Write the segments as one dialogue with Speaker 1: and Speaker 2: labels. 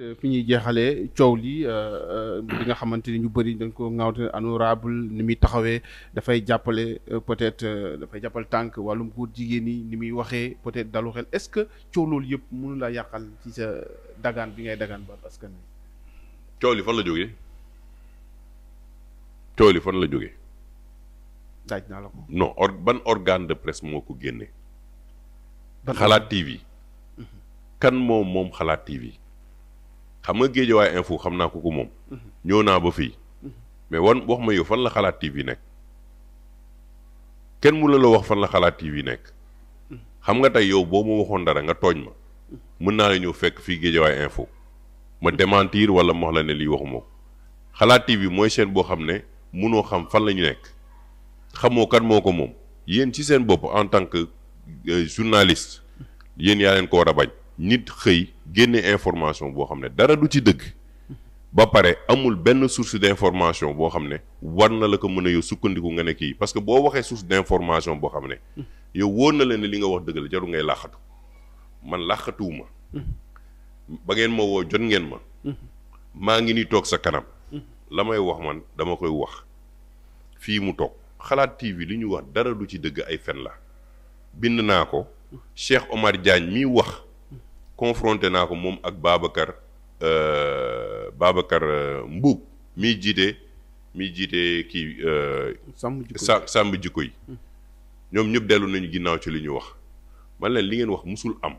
Speaker 1: Euh, fi ñuy jeexalee coow li bi euh, euh, nga xamante ni ñu bëri dañ ko ŋaawte honorable ni muy taxawee dafay jàppale peut-être dafay jàppal tànk wàllum góor jigéen ñi ni muy waxee peut-être dalu xel est-ce que coow loolu yëpp mënu laa yàqal ci sa dagaan bi ngay dagaan ba askan wi. coow li fan la jóge coow li fan la jóge daaj naa la ko. non ban organe de presse moo ko génne. xalaat TV. Mm-hmm. kan moom moom xalaat TV. xam nga Guédiawaye info xam naa ko ko moom. Mm-hmm. ñëw naa ba fii. Mm-hmm. mais wan wax ma yow fan la xalaat TV nekk kenn mënu la wax fan la xalaat TV nekk. Mm-hmm. xam nga tey yow boo ma waxoon dara nga tooñ ma. mën naa la ñëw fekk fii Guédiawaye info. ma démentir wala ma wax la ne lii waxuma ko xalaat TV mooy seen boo xam ne mënoo xam fan la ñu nekk xamoo kan moo ko moom yéen ci seen bopp en tant que euh, journaliste yéen yaa leen ko war a bañ nit xëy. génne information bo xamné dara du ci deug ba paré amul benn source d'information bo xamné warna war na la ko mëna yo sukkandiku nga ne ki parce que bo waxé source d'information bo xamné yo wonna la né li nga wax dëgg la ngay laxatu man laxatuuma ba ngeen ma wo jot ngeen ma ma ngi ni tok sa kanam lamay wax man dama koy wax fi mu tok khalat TV li ñu wax dara du ci deug ay fen la bind Cheikh Omar Diagne mi wax confronté naa ko moom ak Babacar euh, Babacar euh, Mbuub mi jiite miy jiite kii. Euh, sàmm jikko yi ñoom ñëpp dellu nañu ginnaaw ci li ñu wax man leen li ngeen wax musul am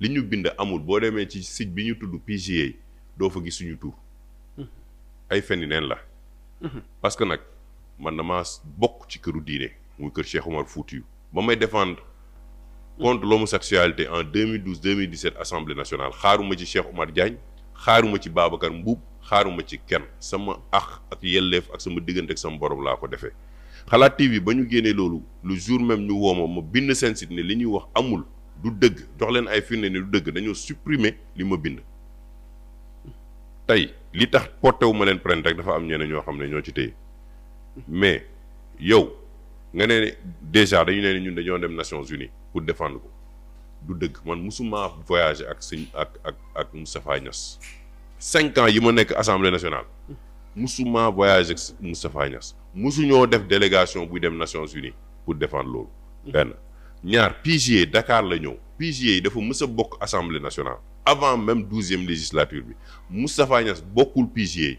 Speaker 1: li ñu bind amul boo demee ci site bi ñu tudd PGA doo fa gis suñu tur. ay fenni neen la. parce que nag man damaa bokk ci këru diine muy kër Cheikh Omar Foutiyou ba may défendre. contre l'homosexualité en 2012 2017 assemblée nationale xaaruma ci Cheikh Oumar Diagne xaaruma ci Babacar Mbuub xaaruma ci kenn sama ax ak yelleef ak sama diggante ak sama boroom laa ko defee xalaat TV ba ñu génnee loolu lu jour même ñu wooma ma bind seen site ne li ñuy wax amul du dëgg jox leen ay firnde ne du dëgg dañoo supprimer li ma bind tey li tax porté wu ma leen prene rek dafa am ñeneen ñoo xam ne ñoo ci téye mais yow nga ne déjà dañu ne ñun dañu dem Nations Unies pour défendre ko du deug man musuma voyager ak ak ak Moustapha Niass cinq ans yima nek assemblée nationale musuma voyager ak Moustapha Niass musuñoo def délégation bu dem Nations Unies pour défendre lool ben ñaar PGA Dakar la ñëw PGA dafa mësa bokk assemblée nationale avant même douzième législature bi Moustapha Niass bokkul PGA.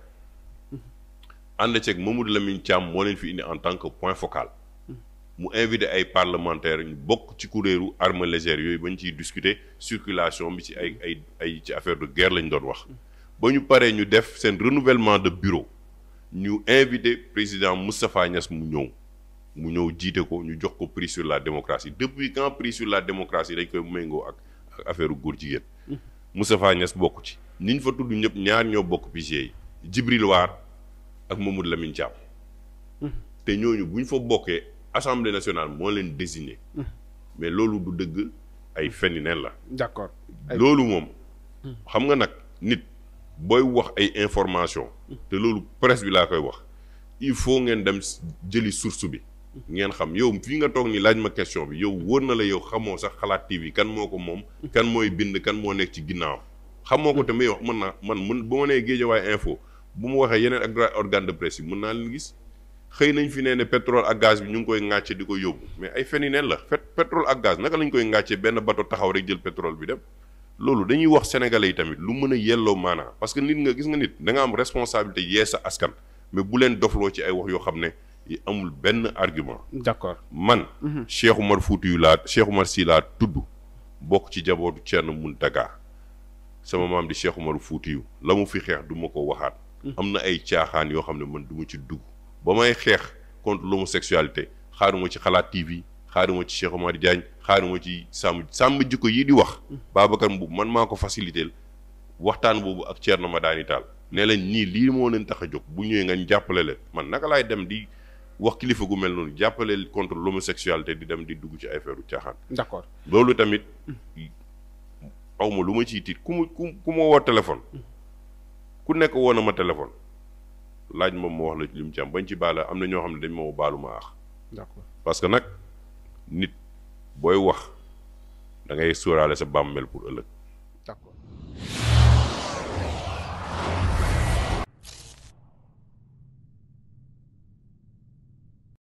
Speaker 1: ànd ceeg Mamadou Lamine cham moo fi indi en tant que point focal mu invité ay parlementaires ñu bokk ci kuréelu armes légères yoy bañ ci discuter circulation bi ci ay ay ay ci affaire de guerre lañ doon wax ba ñu ñu def sen renouvellement de bureau ñu invité président Moustapha Niass mu ñëw mu ñëw jité ko ñu jox ko prix sur la démocratie depuis quand prix sur la démocratie dañ koy mengo ak ak affaire góor jigéen mm-hmm. Moustapha Niass bok ci niñ fa tuddu ñep ñaar ñoo bok PGE Jibril Djibril War ak Mamoud Lamine Thiam. Hmm. te ñooñu bu ñu fa bokké assemblée nationale mo leen désigner, hmm. mais lolu du deug ay fenn la. d'accord loolu moom. Hmm. xam nga nak nit boy wax ay information te lolu presse bi la koy wax il faut ngeen dem jëli source bi. ngeen xam yow fi nga tok ni laaj ma question bi yow wóor na la yow xamoo sax xalaat TV kan m'oko mom kan moy bind kan mo nekk ci ginnaw xamoo ko tamit yow mën naa man mun bu ma nee info. bu mu waxee yeneen ak organ de presse yi mën naa leen gis xëy nañ fi nee ne pétrole ak gaz bi ñu ngi koy ŋàcce di ko yóbbu mais ay fen yi neen la fet pétrole ak gaz naka lañ koy ŋàccee benn bato taxaw rek jël pétrole bi dem loolu dañuy wax sénégale yi tamit lu mën a yelloo maanaa parce que nit nga gis nga nit danga nga am responsabilité yee sa askan mais bu leen dofloo ci ay wax yoo xam ne amul benn argument d'accord man mhm. Cheikh Oumar Foutiyou laa Cheikh Oumar Sy laa tudd bokk ci jabootu Thierno Mountaga sama maam di Cheikh Oumar Foutiyou la mu fi xeex du ko waxaat am na ay caaxaan yoo xam ne man du ci dugg ba may xeex contre l'homosexualité xaaruma ci xalaat TV xaaruma ci Cheikh Omar Diagne xaaruma ci sàmm sàmm jikko yii di wax. Mm. Babacar Mboub man maa ko facilité waxtaan boobu ak Thierno Madani Tall ne leen nii lii moo leen tax a jóg bu ñëwee nga jàppale leen man naka lay dem di wax kilifa gu mel noonu jàppale contre l'homosexualité di dem di dugg ci ay feeru caaxaan. d'accord loolu tamit mm. aw lu ma ci tiit ku ma ku ma woo téléphone. Mm. ku nekk woon na ma téléphone laaj moom moo wax la li mu ci bañ ci baala am na ñoo xam ne dañ moo baalu ma aax d'accord parce que nag nit booy wax da ngay sóoraale sa bàmmeel pour ëllëg